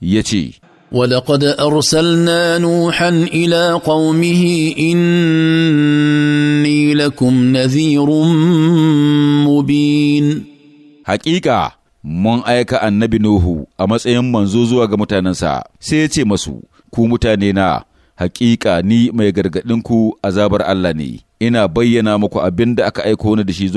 ya ce, na nuhan ila الى in اني لكم نذير مبين حقيقه mun aika annabi nuhu a matsayin manzo zuwa ga mutanensa sai ya ce masu ku mutane na hakika ni mai gargadinku azabar Allah ne ina bayyana muku abin da aka aiko ni da shi